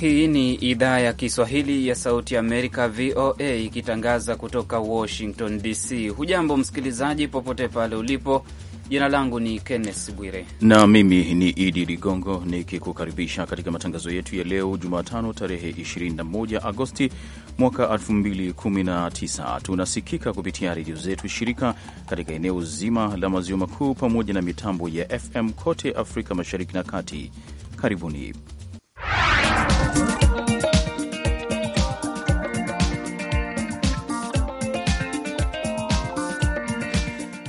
Hii ni idhaa ya Kiswahili ya Sauti Amerika, VOA, ikitangaza kutoka Washington DC. Hujambo msikilizaji, popote pale ulipo. Jina langu ni Kenneth Bwire na mimi ni Idi Ligongo nikikukaribisha katika matangazo yetu ya leo Jumatano tarehe 21 Agosti mwaka 2019. Tunasikika kupitia redio zetu shirika katika eneo zima la maziwa makuu pamoja na mitambo ya FM kote Afrika mashariki na kati. Karibuni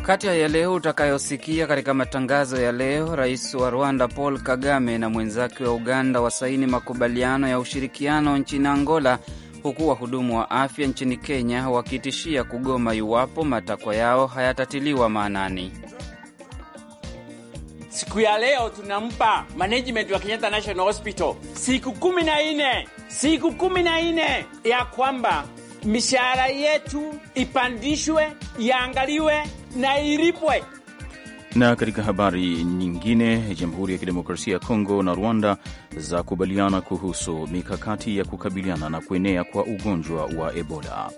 kati ya leo utakayosikia katika matangazo ya leo, rais wa Rwanda Paul Kagame na mwenzake wa Uganda wasaini makubaliano ya ushirikiano nchini Angola, huku wahudumu wa afya nchini Kenya wakitishia kugoma iwapo matakwa yao hayatatiliwa maanani siku ya leo tunampa management wa Kenyatta National Hospital siku kumi na nne siku kumi na nne ya kwamba mishahara yetu ipandishwe, iangaliwe na ilipwe na katika habari nyingine, Jamhuri ya Kidemokrasia ya Kongo na Rwanda zakubaliana kuhusu mikakati ya kukabiliana na kuenea kwa ugonjwa wa Ebola.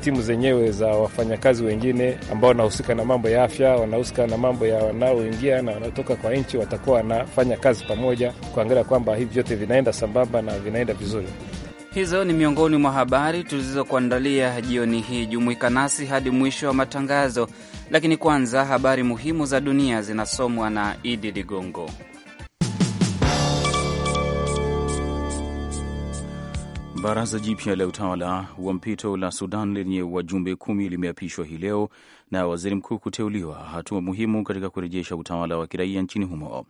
Timu zenyewe za wafanyakazi wengine ambao wanahusika na mambo ya afya, wanahusika na mambo ya wanaoingia na wanaotoka kwa nchi, watakuwa wanafanya kazi pamoja kuangalia kwamba hivi vyote vinaenda sambamba na vinaenda vizuri. Hizo ni miongoni mwa habari tulizokuandalia jioni hii. Jumuika nasi hadi mwisho wa matangazo, lakini kwanza habari muhimu za dunia zinasomwa na Idi Ligongo. Baraza jipya la utawala wa mpito la Sudan lenye wajumbe kumi limeapishwa hii leo na waziri mkuu kuteuliwa, hatua muhimu katika kurejesha utawala wa kiraia nchini humo.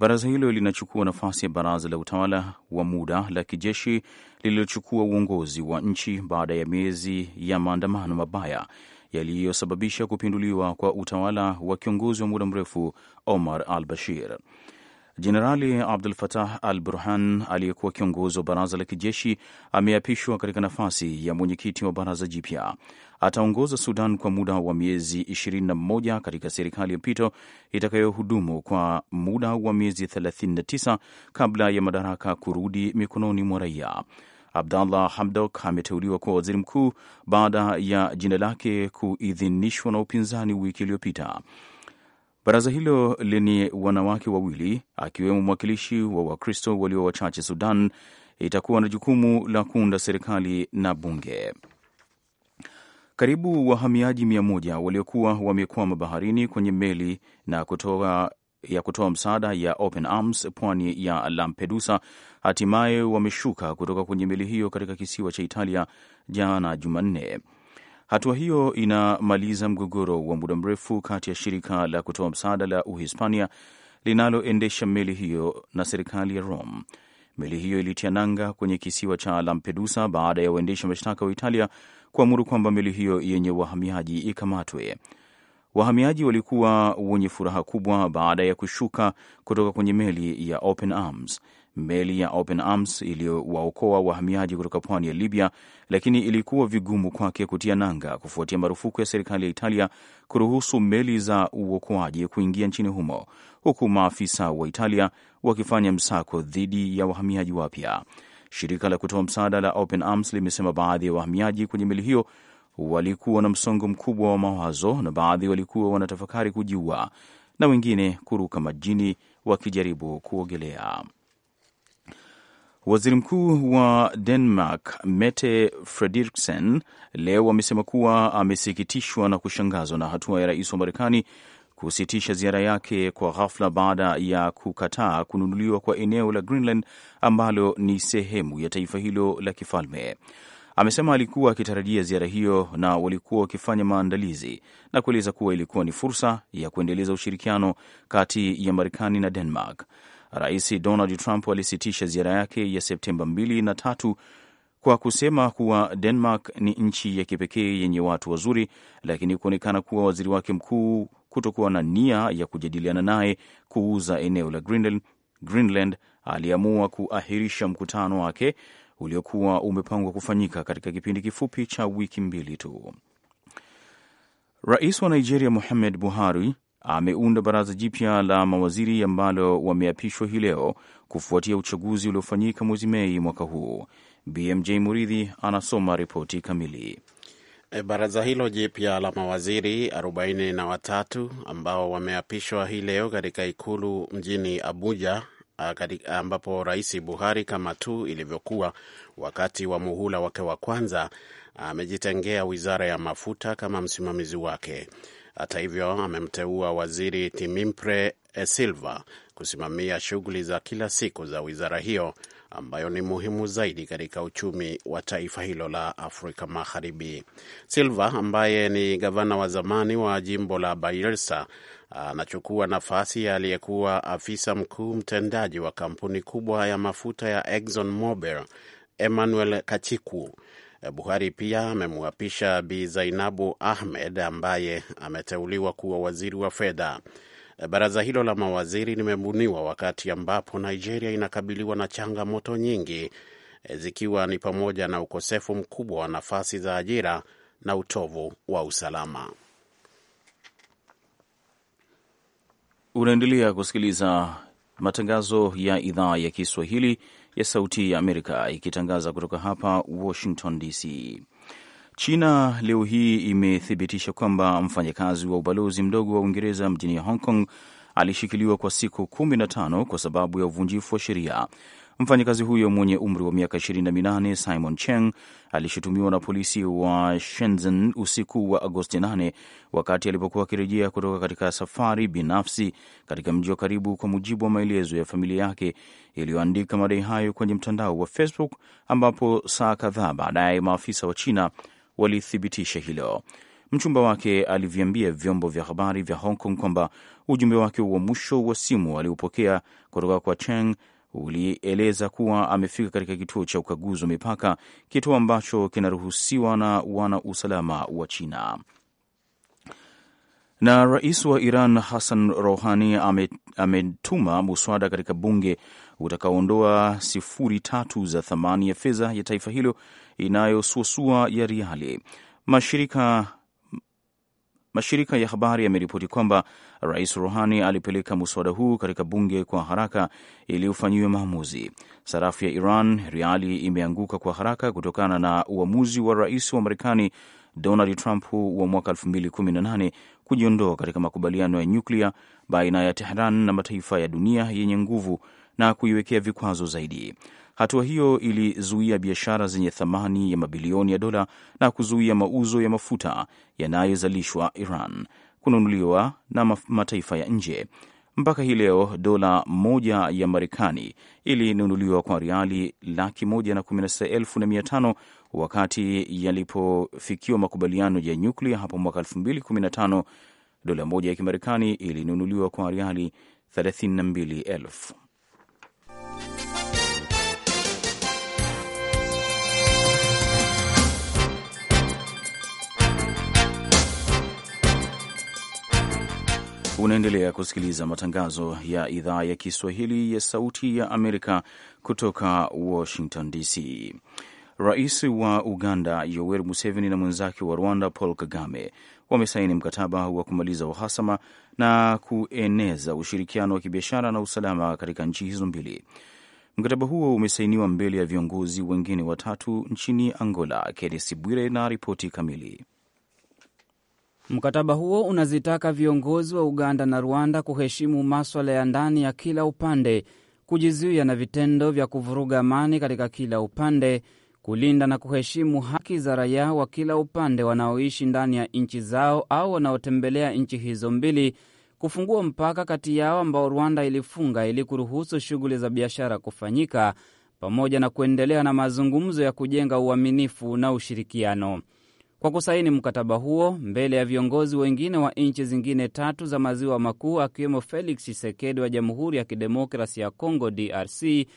Baraza hilo linachukua nafasi ya baraza la utawala wa muda la kijeshi lililochukua uongozi wa nchi baada ya miezi ya maandamano mabaya yaliyosababisha kupinduliwa kwa utawala wa kiongozi wa muda mrefu Omar al Bashir. Jenerali Abdul Fatah al Burhan, aliyekuwa kiongozi wa baraza la kijeshi, ameapishwa katika nafasi ya mwenyekiti wa baraza jipya ataongoza Sudan kwa muda wa miezi 21 katika serikali ya mpito itakayohudumu kwa muda wa miezi 39 kabla ya madaraka kurudi mikononi mwa raia. Abdallah Hamdok ameteuliwa kuwa waziri mkuu baada ya jina lake kuidhinishwa na upinzani wiki iliyopita. Baraza hilo lenye wanawake wawili akiwemo mwakilishi wa Wakristo walio wachache Sudan itakuwa na jukumu la kuunda serikali na bunge. Karibu wahamiaji mia moja waliokuwa wamekwama baharini kwenye meli na kutoa ya kutoa msaada ya Open Arms pwani ya Lampedusa hatimaye wameshuka kutoka kwenye meli hiyo katika kisiwa cha Italia jana Jumanne. Hatua hiyo inamaliza mgogoro wa muda mrefu kati ya shirika la kutoa msaada la Uhispania linaloendesha meli hiyo na serikali ya Rome. Meli hiyo ilitia nanga kwenye kisiwa cha Lampedusa baada ya waendesha mashtaka wa Italia kuamuru kwamba meli hiyo yenye wahamiaji ikamatwe. Wahamiaji walikuwa wenye furaha kubwa baada ya kushuka kutoka kwenye meli ya Open Arms. Meli ya Open Arms iliyowaokoa wahamiaji kutoka pwani ya Libya, lakini ilikuwa vigumu kwake kutia nanga kufuatia marufuku ya serikali ya Italia kuruhusu meli za uokoaji kuingia nchini humo, huku maafisa wa Italia wakifanya msako dhidi ya wahamiaji wapya. Shirika la kutoa msaada la Open Arms limesema baadhi ya wahamiaji kwenye meli hiyo walikuwa na msongo mkubwa wa mawazo na baadhi walikuwa wanatafakari kujiua na wengine kuruka majini wakijaribu kuogelea. Waziri Mkuu wa Denmark Mette Frederiksen leo amesema kuwa amesikitishwa na kushangazwa na hatua ya rais wa Marekani kusitisha ziara yake kwa ghafla baada ya kukataa kununuliwa kwa eneo la Greenland ambalo ni sehemu ya taifa hilo la kifalme. Amesema alikuwa akitarajia ziara hiyo na walikuwa wakifanya maandalizi, na kueleza kuwa ilikuwa ni fursa ya kuendeleza ushirikiano kati ya Marekani na Denmark. Rais Donald Trump alisitisha ziara yake ya Septemba 2 na tatu kwa kusema kuwa Denmark ni nchi ya kipekee yenye watu wazuri, lakini kuonekana kuwa waziri wake mkuu kutokuwa na nia ya kujadiliana naye kuuza eneo la Greenland, Greenland aliamua kuahirisha mkutano wake uliokuwa umepangwa kufanyika katika kipindi kifupi cha wiki mbili tu. Rais wa Nigeria Muhammad Buhari ameunda baraza jipya la mawaziri ambalo wameapishwa hii leo kufuatia uchaguzi uliofanyika mwezi Mei mwaka huu. BMJ Muridhi anasoma ripoti kamili. Eh, baraza hilo jipya la mawaziri 43 ambao wameapishwa hii leo katika ikulu mjini Abuja, ah, ambapo Rais Buhari, kama tu ilivyokuwa wakati wa muhula wake wa kwanza, amejitengea wizara ya mafuta kama msimamizi wake. Hata hivyo, amemteua waziri Timimpre eh, Silva kusimamia shughuli za kila siku za wizara hiyo ambayo ni muhimu zaidi katika uchumi wa taifa hilo la Afrika Magharibi. Silva ambaye ni gavana wa zamani wa jimbo la Bayelsa anachukua nafasi ya aliyekuwa afisa mkuu mtendaji wa kampuni kubwa ya mafuta ya Exxon Mobil Emmanuel Kachiku. Buhari pia amemwapisha Bi Zainabu Ahmed ambaye ameteuliwa kuwa waziri wa fedha. Baraza hilo la mawaziri limebuniwa wakati ambapo Nigeria inakabiliwa na changamoto nyingi eh, zikiwa ni pamoja na ukosefu mkubwa wa nafasi za ajira na utovu wa usalama. Unaendelea kusikiliza matangazo ya idhaa ya Kiswahili ya Sauti ya Amerika ikitangaza kutoka hapa Washington DC. China leo hii imethibitisha kwamba mfanyakazi wa ubalozi mdogo wa Uingereza mjini Hong Kong alishikiliwa kwa siku 15 kwa sababu ya uvunjifu wa sheria. Mfanyakazi huyo mwenye umri wa miaka 28 Simon Cheng alishutumiwa na polisi wa Shenzhen usiku wa Agosti 8 wakati alipokuwa akirejea kutoka katika safari binafsi katika mji wa karibu, kwa mujibu wa maelezo ya familia yake iliyoandika madai hayo kwenye mtandao wa Facebook, ambapo saa kadhaa baadaye maafisa wa China walithibitisha hilo. Mchumba wake aliviambia vyombo vya habari vya Hong Kong kwamba ujumbe wake wa mwisho wa simu aliopokea kutoka kwa Cheng ulieleza kuwa amefika katika kituo cha ukaguzi wa mipaka, kituo ambacho kinaruhusiwa na wana usalama wa China. Na rais wa Iran Hassan Rouhani ametuma ame muswada katika bunge utakaoondoa sifuri tatu za thamani ya fedha ya taifa hilo inayosuasua ya riali. Mashirika mashirika ya habari yameripoti kwamba Rais rohani alipeleka muswada huu katika bunge kwa haraka ili ufanyiwe maamuzi. Sarafu ya Iran, riali, imeanguka kwa haraka kutokana na uamuzi wa rais wa Marekani Donald Trump wa mwaka 2018 kujiondoa katika makubaliano ya nyuklia baina ya Tehran na mataifa ya dunia yenye nguvu na kuiwekea vikwazo zaidi. Hatua hiyo ilizuia biashara zenye thamani ya mabilioni ya dola na kuzuia mauzo ya mafuta yanayozalishwa Iran kununuliwa na mataifa ya nje. Mpaka hii leo dola moja ya Marekani ilinunuliwa kwa riali laki moja na kumi na sita elfu na mia tano wakati yalipofikiwa makubaliano ya nyuklia hapo mwaka elfu mbili kumi na tano dola moja ya Kimarekani ilinunuliwa kwa riali thelathini na mbili elfu. Unaendelea kusikiliza matangazo ya idhaa ya Kiswahili ya Sauti ya Amerika kutoka Washington DC. Rais wa Uganda Yoweri Museveni na mwenzake wa Rwanda Paul Kagame wamesaini mkataba wa kumaliza uhasama na kueneza ushirikiano wa kibiashara na usalama katika nchi hizo mbili. Mkataba huo umesainiwa mbele ya viongozi wengine watatu nchini Angola. Kennesi Bwire na ripoti kamili. Mkataba huo unazitaka viongozi wa Uganda na Rwanda kuheshimu maswala ya ndani ya kila upande, kujizuia na vitendo vya kuvuruga amani katika kila upande, kulinda na kuheshimu haki za raia wa kila upande wanaoishi ndani ya nchi zao au wanaotembelea nchi hizo mbili, kufungua mpaka kati yao ambao Rwanda ilifunga ili kuruhusu shughuli za biashara kufanyika, pamoja na kuendelea na mazungumzo ya kujenga uaminifu na ushirikiano kwa kusaini mkataba huo mbele ya viongozi wengine wa nchi zingine tatu za maziwa makuu akiwemo Felix chisekedi wa Jamhuri ya Kidemokrasi ya congo DRC,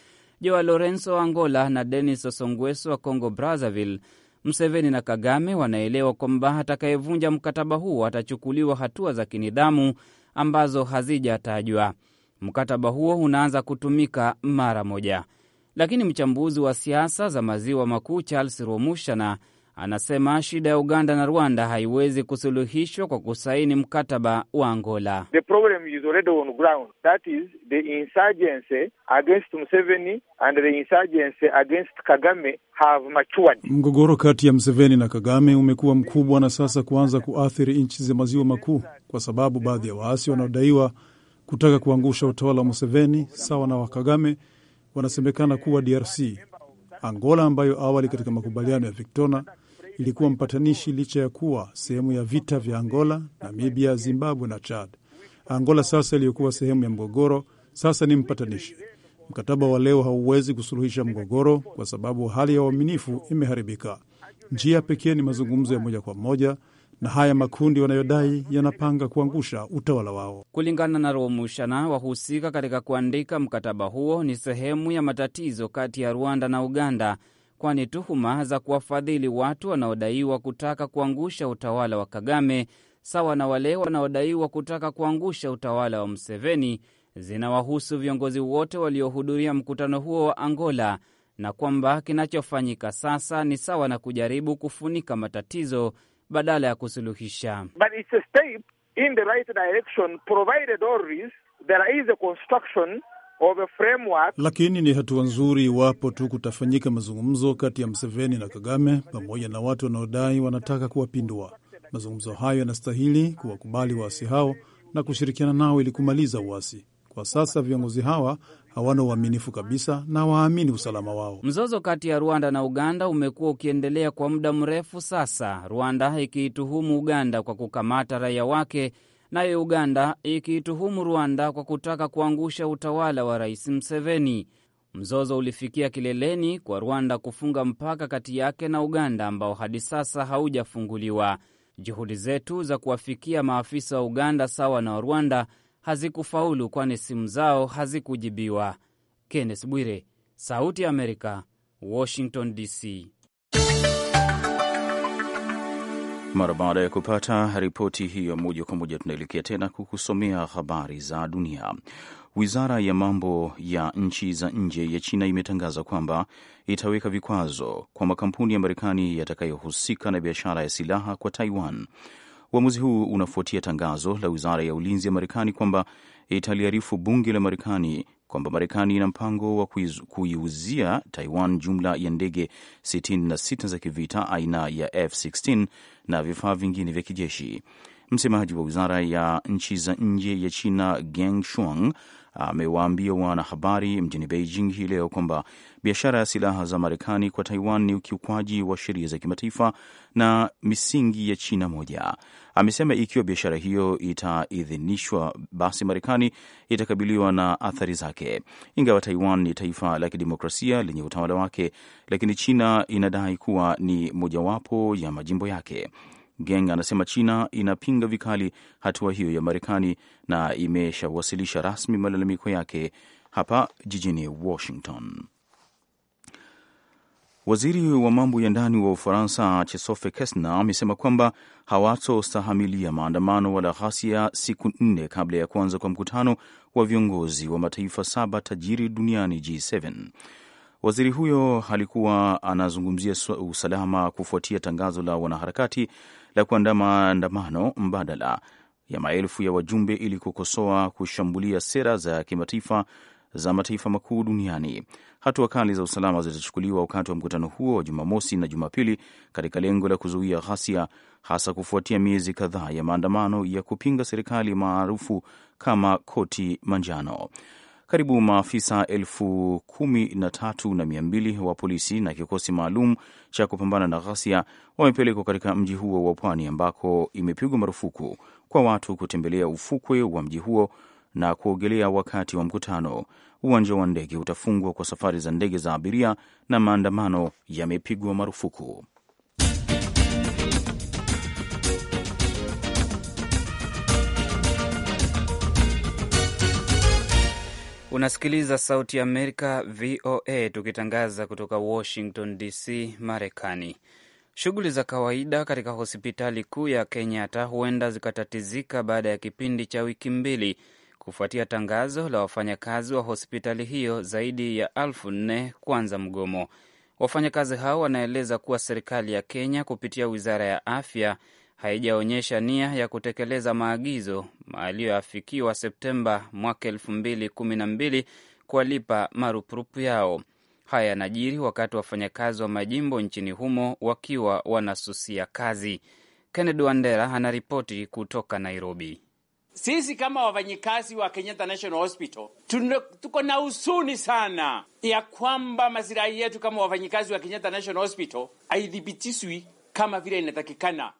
Joao Lorenzo wa Angola na Denis Sassou wa Congo Brazzaville. Museveni na Kagame wanaelewa kwamba atakayevunja mkataba huo atachukuliwa hatua za kinidhamu ambazo hazijatajwa. Mkataba huo unaanza kutumika mara moja, lakini mchambuzi wa siasa za maziwa makuu Charles Romushana anasema shida ya Uganda na Rwanda haiwezi kusuluhishwa kwa kusaini mkataba wa Angola. The problem is already on ground. That is the insurgency against Museveni and the insurgency against Kagame have matured. Mgogoro kati ya Museveni na Kagame umekuwa mkubwa na sasa kuanza kuathiri nchi za maziwa makuu kwa sababu baadhi ya waasi wanaodaiwa kutaka kuangusha utawala wa Museveni sawa na wa Kagame wanasemekana kuwa DRC. Angola ambayo awali katika makubaliano ya Victona ilikuwa mpatanishi licha ya kuwa sehemu ya vita vya Angola, Namibia, Zimbabwe na Chad. Angola sasa iliyokuwa sehemu ya mgogoro sasa ni mpatanishi. Mkataba wa leo hauwezi kusuluhisha mgogoro kwa sababu hali ya uaminifu imeharibika. Njia pekee ni mazungumzo ya moja kwa moja na haya makundi wanayodai yanapanga kuangusha utawala wao. Kulingana na Romushana, wahusika katika kuandika mkataba huo ni sehemu ya matatizo kati ya Rwanda na Uganda kwani tuhuma za kuwafadhili watu wanaodaiwa kutaka kuangusha utawala wa Kagame sawa na wale wanaodaiwa kutaka kuangusha utawala wa mseveni zinawahusu viongozi wote waliohudhuria mkutano huo wa Angola, na kwamba kinachofanyika sasa ni sawa na kujaribu kufunika matatizo badala ya kusuluhisha. But it's a step in the right direction provided always there is a construction lakini ni hatua nzuri iwapo tu kutafanyika mazungumzo kati ya mseveni na Kagame pamoja na watu wanaodai wanataka kuwapindua. Mazungumzo hayo yanastahili kuwakubali waasi hao na kushirikiana nao ili kumaliza uasi. Kwa sasa viongozi hawa hawana uaminifu kabisa na waamini usalama wao. Mzozo kati ya Rwanda na Uganda umekuwa ukiendelea kwa muda mrefu sasa, Rwanda ikiituhumu Uganda kwa kukamata raia wake nayo Uganda ikiituhumu Rwanda kwa kutaka kuangusha utawala wa Rais Museveni. Mzozo ulifikia kileleni kwa Rwanda kufunga mpaka kati yake na Uganda ambao hadi sasa haujafunguliwa. Juhudi zetu za kuwafikia maafisa wa Uganda sawa na wa Rwanda hazikufaulu kwani simu zao hazikujibiwa. Kenneth Bwire, Sauti ya Amerika, Washington DC. Mara baada ya kupata ripoti hiyo, moja kwa moja tunaelekea tena kukusomea habari za dunia. Wizara ya mambo ya nchi za nje ya China imetangaza kwamba itaweka vikwazo kwa makampuni ya Marekani yatakayohusika na biashara ya silaha kwa Taiwan. Uamuzi huu unafuatia tangazo la wizara ya ulinzi ya Marekani kwamba italiarifu bunge la Marekani kwamba Marekani ina mpango wa kuiuzia Taiwan jumla ya ndege 66 za kivita aina ya F16 na vifaa vingine vya kijeshi. Msemaji wa wizara ya nchi za nje ya China Geng Shuang amewaambia wanahabari mjini Beijing hii leo kwamba biashara ya silaha za Marekani kwa Taiwan ni ukiukwaji wa sheria za kimataifa na misingi ya China moja. Amesema ikiwa biashara hiyo itaidhinishwa, basi Marekani itakabiliwa na athari zake. Ingawa Taiwan ni taifa la kidemokrasia lenye utawala wake, lakini China inadai kuwa ni mojawapo ya majimbo yake. Geng anasema China inapinga vikali hatua hiyo ya Marekani na imeshawasilisha rasmi malalamiko yake hapa jijini Washington. Waziri wa mambo ya ndani wa Ufaransa Chesofe Kesna amesema kwamba hawatostahamilia maandamano wala ghasia siku nne kabla ya kuanza kwa mkutano wa viongozi wa mataifa saba tajiri duniani G7. Waziri huyo alikuwa anazungumzia usalama kufuatia tangazo la wanaharakati la kuandaa maandamano mbadala ya maelfu ya wajumbe ili kukosoa kushambulia sera za kimataifa za mataifa makuu duniani. Hatua kali za usalama zitachukuliwa wakati wa mkutano huo wa Jumamosi na Jumapili katika lengo la kuzuia ghasia, hasa kufuatia miezi kadhaa ya maandamano ya kupinga serikali maarufu kama koti manjano. Karibu maafisa elfu kumi na tatu na mia mbili wa polisi na kikosi maalum cha kupambana na ghasia wamepelekwa katika mji huo wa pwani ambako imepigwa marufuku kwa watu kutembelea ufukwe wa mji huo na kuogelea wakati wa mkutano. Uwanja wa ndege utafungwa kwa safari za ndege za abiria na maandamano yamepigwa marufuku. Unasikiliza Sauti ya Amerika, VOA, tukitangaza kutoka Washington DC, Marekani. Shughuli za kawaida katika hospitali kuu ya Kenyatta huenda zikatatizika baada ya kipindi cha wiki mbili kufuatia tangazo la wafanyakazi wa hospitali hiyo zaidi ya elfu nne kuanza mgomo. Wafanyakazi hao wanaeleza kuwa serikali ya Kenya kupitia wizara ya afya haijaonyesha nia ya kutekeleza maagizo aliyoafikiwa Septemba mwaka elfu mbili kumi na mbili kuwalipa marupurupu yao. Haya yanajiri wakati wafanyakazi wa majimbo nchini humo wakiwa wanasusia kazi. Kennedy Wandera anaripoti kutoka Nairobi. Sisi kama wafanyikazi wa Kenyatta National Hospital tuko na huzuni sana ya kwamba masilahi yetu kama wafanyikazi wa Kenyatta National Hospital haidhibitiswi kama vile inatakikana.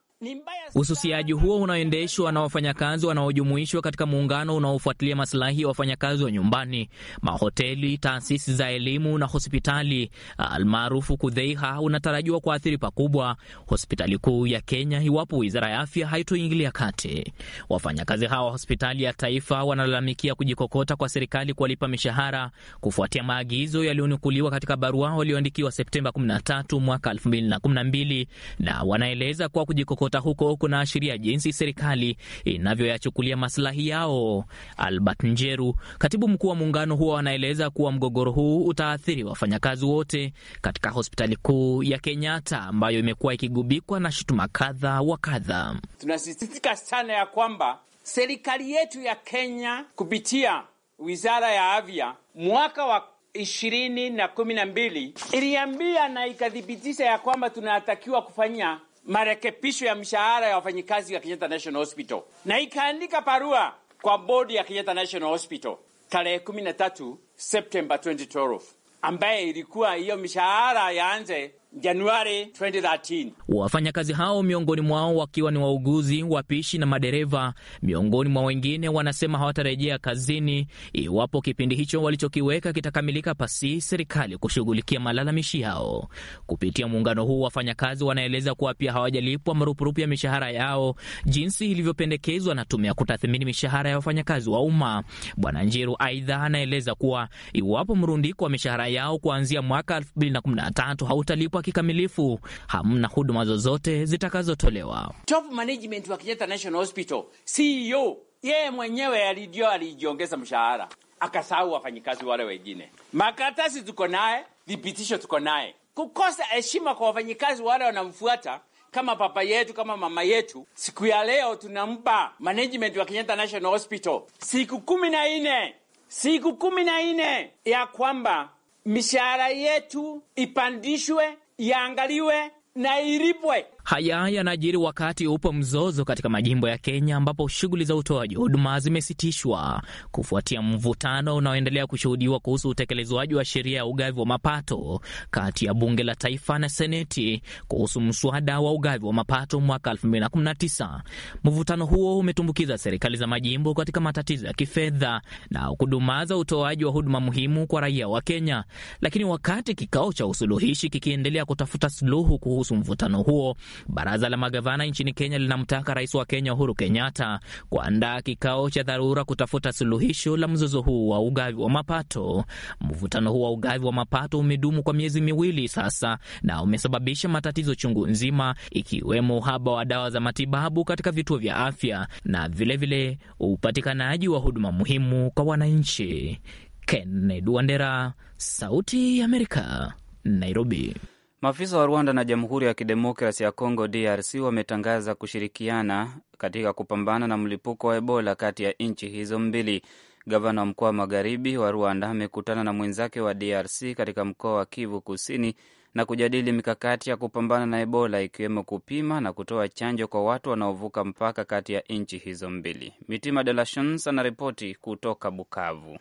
Ususiaji huo unaoendeshwa na wafanyakazi wanaojumuishwa katika muungano unaofuatilia masilahi ya wafanyakazi wa nyumbani, mahoteli, taasisi za elimu na hospitali almaarufu KUDHEIHA unatarajiwa kuathiri pakubwa hospitali kuu ya Kenya iwapo wizara ya afya haitoingilia kati. Wafanyakazi hawa wa hospitali ya taifa wanalalamikia kujikokota kwa serikali kuwalipa mishahara kufuatia maagizo yaliyonukuliwa katika barua walioandikiwa Septemba 13 mwaka 2012 na wanaeleza kuwa kujikokota kujikokota huko kunaashiria jinsi serikali inavyoyachukulia maslahi yao. Albert Njeru, katibu mkuu wa muungano huo, anaeleza kuwa mgogoro huu utaathiri wafanyakazi wote katika hospitali kuu ya Kenyatta ambayo imekuwa ikigubikwa na shutuma kadha wa kadha. Tunasisitika sana ya kwamba serikali yetu ya Kenya kupitia wizara ya afya mwaka wa ishirini na kumi na mbili iliambia na ikathibitisha ya kwamba tunatakiwa kufanya marekebisho ya mshahara ya wafanyikazi wa Kenyatta National Hospital, na ikaandika barua kwa bodi ya Kenyatta National Hospital tarehe 13 Septemba 2012 ambaye ilikuwa hiyo mishahara yaanze Januari 2013. Wafanyakazi hao miongoni mwao wakiwa ni wauguzi, wapishi na madereva, miongoni mwa wengine, wanasema hawatarejea kazini iwapo kipindi hicho walichokiweka kitakamilika pasi serikali kushughulikia malalamishi yao. Kupitia muungano huu, wafanyakazi wanaeleza kuwa pia hawajalipwa marupurupu ya mishahara yao jinsi ilivyopendekezwa na tume ya kutathmini mishahara ya wafanyakazi wa umma. Bwana Njiru aidha anaeleza kuwa iwapo mrundiko wa mishahara yao kuanzia mwaka 2013 hautalipwa kwa kikamilifu, hamna huduma zozote zitakazotolewa. Top management wa Kenyatta National Hospital, CEO yeye mwenyewe alidio alijiongeza mshahara akasahau wafanyikazi wale wengine. Makaratasi tuko naye, vipitisho tuko naye. Kukosa heshima kwa wafanyikazi wale wanamfuata kama papa yetu kama mama yetu. Siku ya leo tunampa management wa Kenyatta National Hospital siku kumi na nne siku kumi na nne ya kwamba mishahara yetu ipandishwe iangaliwe na ilipwe. Haya yanajiri wakati upo mzozo katika majimbo ya Kenya ambapo shughuli za utoaji huduma zimesitishwa kufuatia mvutano unaoendelea kushuhudiwa kuhusu utekelezwaji wa sheria ya ugavi wa mapato kati ya bunge la taifa na seneti kuhusu mswada wa ugavi wa mapato mwaka 2019. Mvutano huo umetumbukiza serikali za majimbo katika matatizo ya kifedha na kudumaza utoaji wa huduma muhimu kwa raia wa Kenya. Lakini wakati kikao cha usuluhishi kikiendelea kutafuta suluhu kuhusu mvutano huo Baraza la magavana nchini Kenya linamtaka rais wa Kenya Uhuru Kenyatta kuandaa kikao cha dharura kutafuta suluhisho la mzozo huu wa ugavi wa mapato. Mvutano huu wa ugavi wa mapato umedumu kwa miezi miwili sasa na umesababisha matatizo chungu nzima, ikiwemo uhaba wa dawa za matibabu katika vituo vya afya na vilevile upatikanaji wa huduma muhimu kwa wananchi. Kennedy Wandera, Sauti ya Amerika, Nairobi. Maafisa wa Rwanda na Jamhuri ya Kidemokrasi ya Kongo, DRC, wametangaza kushirikiana katika kupambana na mlipuko wa Ebola kati ya nchi hizo mbili. Gavana wa mkoa wa magharibi wa Rwanda amekutana na mwenzake wa DRC katika mkoa wa Kivu Kusini na kujadili mikakati ya kupambana na Ebola, ikiwemo kupima na kutoa chanjo kwa watu wanaovuka mpaka kati ya nchi hizo mbili. Mitima De La Shans anaripoti kutoka Bukavu.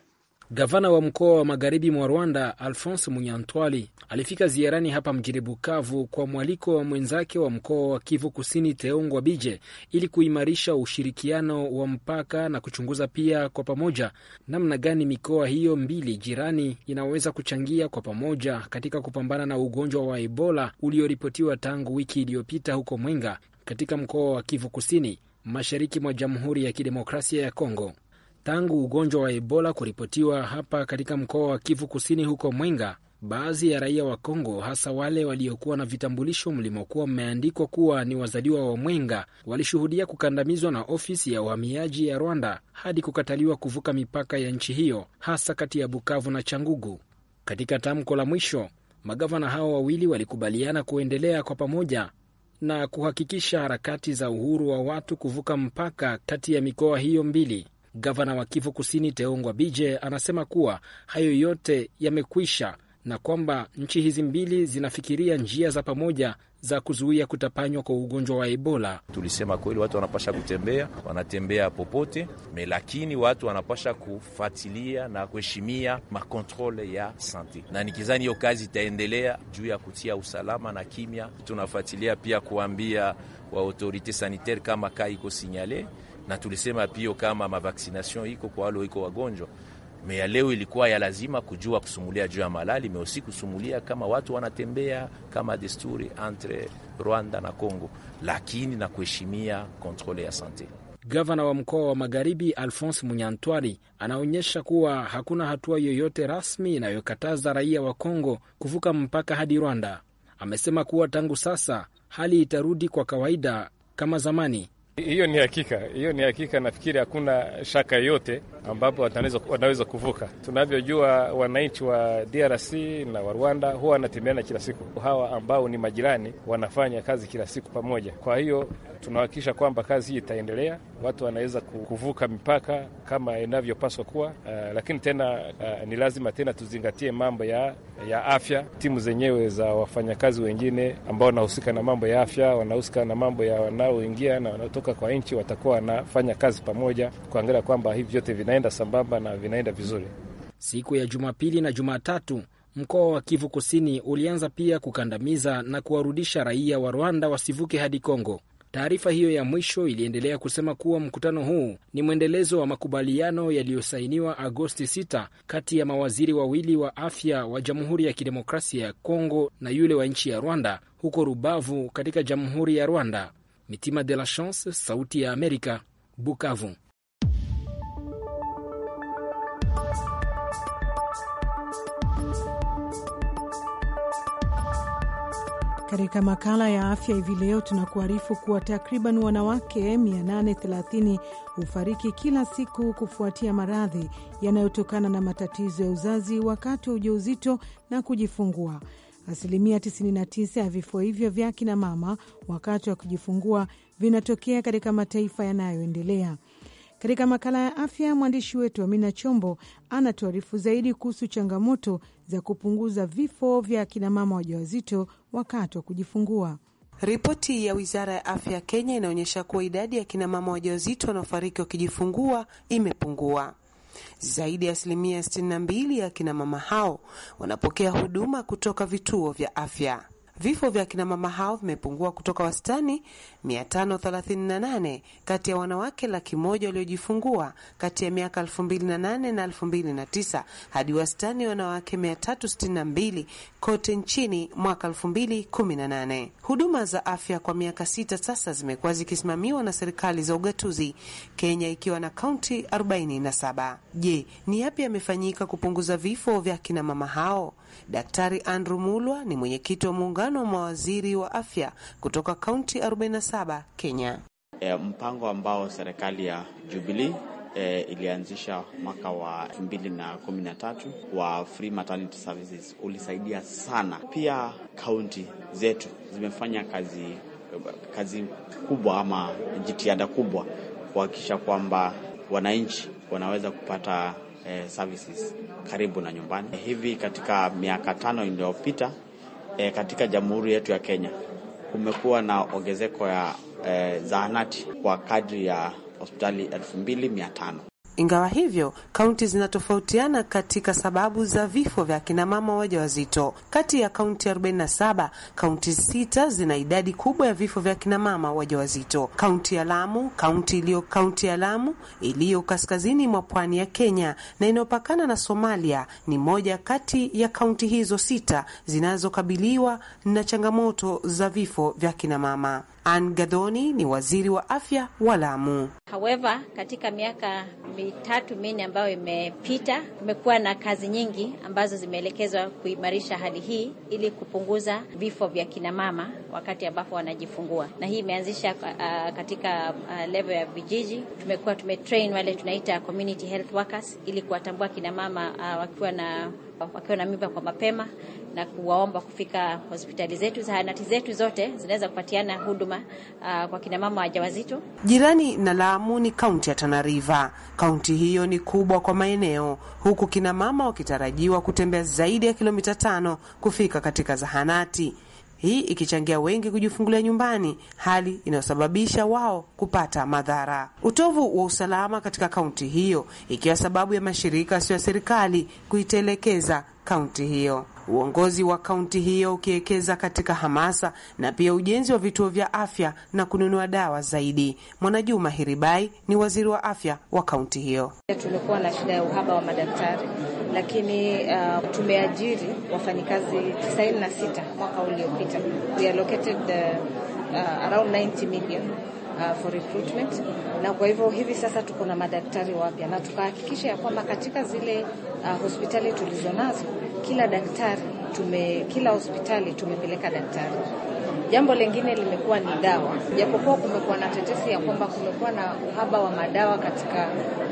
Gavana wa mkoa wa magharibi mwa Rwanda, Alphonse Munyantwali, alifika ziarani hapa mjini Bukavu kwa mwaliko wa mwenzake wa mkoa wa Kivu Kusini, Teongwa Bije, ili kuimarisha ushirikiano wa mpaka na kuchunguza pia kwa pamoja namna gani mikoa hiyo mbili jirani inaweza kuchangia kwa pamoja katika kupambana na ugonjwa wa Ebola ulioripotiwa tangu wiki iliyopita huko Mwenga katika mkoa wa Kivu Kusini, mashariki mwa Jamhuri ya Kidemokrasia ya Kongo. Tangu ugonjwa wa Ebola kuripotiwa hapa katika mkoa wa Kivu Kusini, huko Mwenga, baadhi ya raia wa Kongo, hasa wale waliokuwa na vitambulisho mlimokuwa mmeandikwa kuwa ni wazaliwa wa Mwenga, walishuhudia kukandamizwa na ofisi ya uhamiaji ya Rwanda hadi kukataliwa kuvuka mipaka ya nchi hiyo, hasa kati ya Bukavu na Changugu. Katika tamko la mwisho, magavana hao wawili walikubaliana kuendelea kwa pamoja na kuhakikisha harakati za uhuru wa watu kuvuka mpaka kati ya mikoa hiyo mbili. Gavana wa Kivu Kusini Teongwa Bije anasema kuwa hayo yote yamekwisha na kwamba nchi hizi mbili zinafikiria njia za pamoja za kuzuia kutapanywa kwa ugonjwa wa Ebola. Tulisema kweli, watu wanapasha kutembea, wanatembea popote me, lakini watu wanapasha kufatilia na kuheshimia makontrole ya sante, na nikizani hiyo kazi itaendelea juu ya kutia usalama na kimya. Tunafuatilia pia kuambia wa autorite sanitaire kama kaa iko sinyale na tulisema pia kama mavaksination iko kwa wale iko wagonjwa me ya leo ilikuwa ya lazima kujua kusumulia juu ya malali meosi kusumulia kama watu wanatembea kama desturi entre Rwanda na Congo, lakini na kuheshimia kontrole ya sante. Gavana wa mkoa wa Magharibi Alphonse Munyantwari anaonyesha kuwa hakuna hatua yoyote rasmi inayokataza raia wa Congo kuvuka mpaka hadi Rwanda. Amesema kuwa tangu sasa hali itarudi kwa kawaida kama zamani. Hiyo ni hakika, hiyo ni hakika. Nafikiri hakuna shaka yoyote ambapo wanaweza kuvuka. Tunavyojua, wananchi wa DRC na wa Rwanda huwa wanatembeana kila siku. Hawa ambao ni majirani wanafanya kazi kila siku pamoja. Kwa hiyo tunahakikisha kwamba kazi hii itaendelea, watu wanaweza kuvuka mipaka kama inavyopaswa kuwa. Uh, lakini tena uh, ni lazima tena tuzingatie mambo ya, ya afya. Timu zenyewe za wafanyakazi wengine ambao wanahusika na mambo ya afya, wanahusika na mambo ya wanaoingia na wanaotoka kutoka kwa nchi watakuwa wanafanya kazi pamoja kuangalia kwamba hivi vyote vinaenda sambamba na vinaenda vizuri. Siku ya Jumapili na Jumatatu, mkoa wa Kivu Kusini ulianza pia kukandamiza na kuwarudisha raia wa Rwanda wasivuke hadi Kongo. Taarifa hiyo ya mwisho iliendelea kusema kuwa mkutano huu ni mwendelezo wa makubaliano yaliyosainiwa Agosti 6 kati ya mawaziri wawili wa afya wa Jamhuri ya Kidemokrasia ya Kongo na yule wa nchi ya Rwanda huko Rubavu katika Jamhuri ya Rwanda. Mitima de la Chance, Sauti ya Amerika, Bukavu. Katika makala ya afya hivi leo tunakuarifu kuwa takriban wanawake 830 hufariki kila siku kufuatia maradhi yanayotokana na matatizo ya uzazi wakati wa ujauzito na kujifungua. Asilimia 99 ya vifo hivyo vya kina mama wakati wa kujifungua vinatokea katika mataifa yanayoendelea. Katika makala ya afya, mwandishi wetu Amina Chombo anatuarifu zaidi kuhusu changamoto za kupunguza vifo vya kinamama wajawazito wakati wa kujifungua. Ripoti ya wizara ya afya ya Kenya inaonyesha kuwa idadi ya kinamama wajawazito wanaofariki wakijifungua imepungua. Zaidi ya asilimia 62 ya kinamama hao wanapokea huduma kutoka vituo vya afya. Vifo vya akinamama hao vimepungua kutoka wastani 538 kati ya wanawake laki moja waliojifungua kati ya miaka 2008 na 2009 hadi wastani wanawake 362 kote nchini mwaka 2018. Huduma za afya kwa miaka sita sasa zimekuwa zikisimamiwa na serikali za ugatuzi, Kenya ikiwa na kaunti 47. Je, ni yapi yamefanyika kupunguza vifo vya akinamama hao? Daktari Andrew Mulwa ni mwenyekiti wa muungano wa mawaziri wa afya kutoka kaunti 47 Kenya. E, mpango ambao serikali ya Jubilee E, ilianzisha mwaka wa 2013 wa free maternity services ulisaidia sana. Pia kaunti zetu zimefanya kazi, kazi kubwa ama jitihada kubwa kuhakikisha kwamba wananchi wanaweza kupata eh, services karibu na nyumbani. Hivi katika miaka tano iliyopita eh, katika jamhuri yetu ya Kenya kumekuwa na ongezeko ya eh, zahanati kwa kadri ya hospitali elfu mbili mia tano. Ingawa hivyo, kaunti zinatofautiana katika sababu za vifo vya akinamama wajawazito. Kati ya kaunti 47, kaunti sita zina idadi kubwa ya vifo vya akinamama wajawazito. Kaunti ya Lamu, kaunti iliyo kaunti ya Lamu iliyo kaskazini mwa pwani ya Kenya na inayopakana na Somalia ni moja kati ya kaunti hizo sita zinazokabiliwa na changamoto za vifo vya akinamama. Ann Gadhoni ni waziri wa afya wa Lamu. However, katika miaka mitatu minne ambayo imepita, kumekuwa na kazi nyingi ambazo zimeelekezwa kuimarisha hali hii ili kupunguza vifo vya kinamama wakati ambapo wanajifungua, na hii imeanzisha uh, katika uh, level ya vijiji. Tumekuwa tumetrain wale tunaita community health workers ili kuwatambua kinamama uh, wakiwa na wakiwa na mimba kwa mapema na kuwaomba kufika hospitali zetu, zahanati zetu zote zinaweza kupatiana huduma uh, kwa kinamama wajawazito. Jirani na Lamu ni kaunti ya Tana River. Kaunti hiyo ni kubwa kwa maeneo, huku kinamama wakitarajiwa kutembea zaidi ya kilomita tano kufika katika zahanati hii ikichangia wengi kujifungulia nyumbani, hali inayosababisha wao kupata madhara. Utovu wa usalama katika kaunti hiyo ikiwa sababu ya mashirika yasiyo ya serikali kuitelekeza kaunti hiyo, uongozi wa kaunti hiyo ukiwekeza katika hamasa na pia ujenzi wa vituo vya afya na kununua dawa zaidi. Mwanajuma Hiribai ni waziri wa afya wa kaunti hiyo. Tumekuwa na shida ya uhaba wa madaktari lakini uh, tumeajiri wafanyikazi 96 mwaka uliopita. We allocated uh, uh, around 90 million Uh, for recruitment na kwa hivyo hivi sasa tuko na madaktari wapya na tukahakikisha ya kwamba katika zile uh, hospitali tulizonazo kila daktari tume, kila hospitali tumepeleka daktari Jambo lingine limekuwa ni dawa, japokuwa kumekuwa na tetesi ya kwamba kumekuwa na uhaba wa madawa katika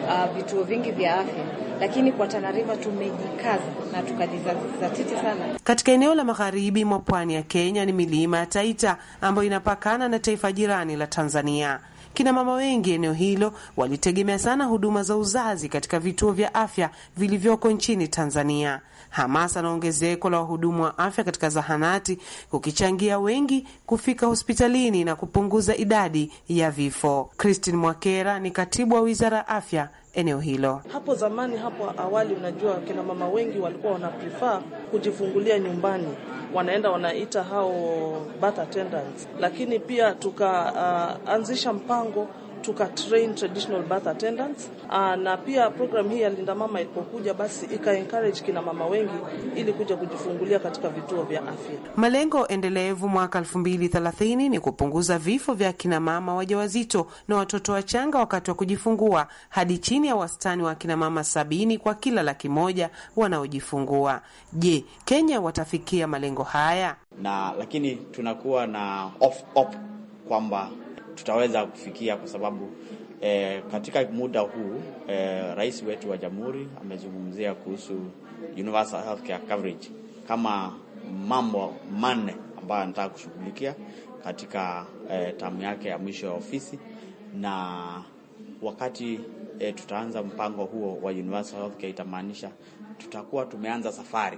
uh, vituo vingi vya afya, lakini kwa Tana River tumejikaza na tukajizatiti sana. Katika eneo la magharibi mwa pwani ya Kenya ni milima ya Taita ambayo inapakana na taifa jirani la Tanzania. Kina mama wengi eneo hilo walitegemea sana huduma za uzazi katika vituo vya afya vilivyoko nchini Tanzania. Hamasa na ongezeko la wahudumu wa afya katika zahanati kukichangia wengi kufika hospitalini na kupunguza idadi ya vifo. Christine Mwakera ni katibu wa Wizara ya Afya eneo hilo. Hapo zamani, hapo awali, unajua kina mama wengi walikuwa wana prefer kujifungulia nyumbani, wanaenda wanaita hao birth attendants, lakini pia tukaanzisha uh, mpango tuka train traditional birth attendants. Aa, ah, na pia program hii ya Linda Mama ilipokuja basi ika encourage kina mama wengi ili kuja kujifungulia katika vituo vya afya. Malengo endelevu mwaka 2030 ni kupunguza vifo vya kina mama wajawazito na watoto wachanga wakati wa kujifungua hadi chini ya wastani wa kina mama sabini kwa kila laki moja wanaojifungua. Je, Kenya watafikia malengo haya? Na lakini tunakuwa na off op kwamba tutaweza kufikia kwa sababu e, katika muda huu e, rais wetu wa jamhuri amezungumzia kuhusu universal healthcare coverage kama mambo manne ambayo anataka kushughulikia katika e, eh, tamu yake ya mwisho ya ofisi, na wakati e, tutaanza mpango huo wa universal healthcare itamaanisha tutakuwa tumeanza safari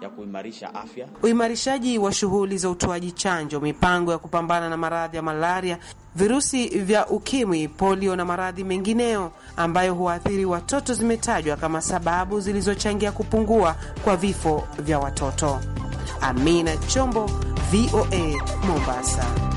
ya kuimarisha afya. Uimarishaji wa shughuli za utoaji chanjo, mipango ya kupambana na maradhi ya malaria, virusi vya ukimwi, polio na maradhi mengineo ambayo huathiri watoto zimetajwa kama sababu zilizochangia kupungua kwa vifo vya watoto. Amina Chombo, VOA Mombasa.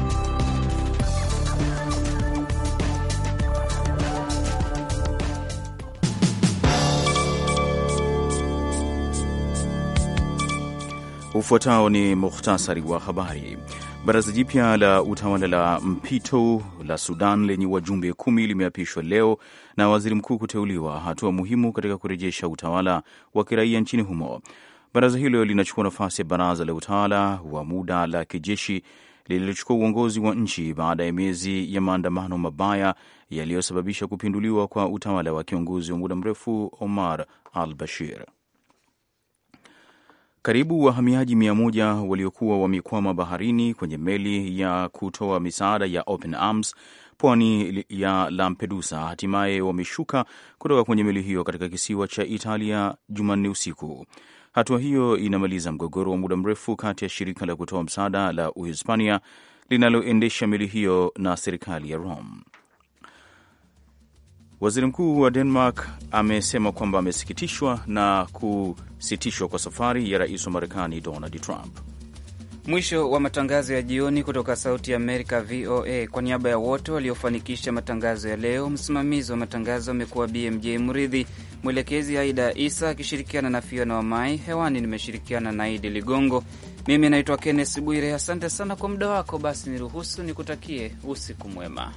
Ufuatao ni muhtasari wa habari. Baraza jipya la utawala la mpito la Sudan lenye wajumbe kumi limeapishwa leo na waziri mkuu kuteuliwa, hatua muhimu katika kurejesha utawala wa kiraia nchini humo. Baraza hilo linachukua nafasi ya baraza la utawala wa muda la kijeshi lililochukua uongozi wa nchi baada ya miezi ya maandamano mabaya yaliyosababisha kupinduliwa kwa utawala wa kiongozi wa muda mrefu Omar al Bashir. Karibu wahamiaji mia moja waliokuwa wamekwama baharini kwenye meli ya kutoa misaada ya Open Arms pwani ya Lampedusa hatimaye wameshuka kutoka kwenye meli hiyo katika kisiwa cha Italia Jumanne usiku. Hatua hiyo inamaliza mgogoro wa muda mrefu kati ya shirika la kutoa msaada la Uhispania linaloendesha meli hiyo na serikali ya Rome. Waziri mkuu wa Denmark amesema kwamba amesikitishwa na kusitishwa kwa safari ya rais wa Marekani Donald Trump. Mwisho wa matangazo ya jioni kutoka Sauti ya Amerika, VOA. Kwa niaba ya wote waliofanikisha matangazo ya leo, msimamizi wa matangazo amekuwa BMJ Mridhi, mwelekezi Aida Isa akishirikiana na Fiona Wamai. Hewani nimeshirikiana na Idi Ligongo. Mimi naitwa Kennes Bwire. Asante sana kwa muda wako. Basi niruhusu nikutakie usiku mwema.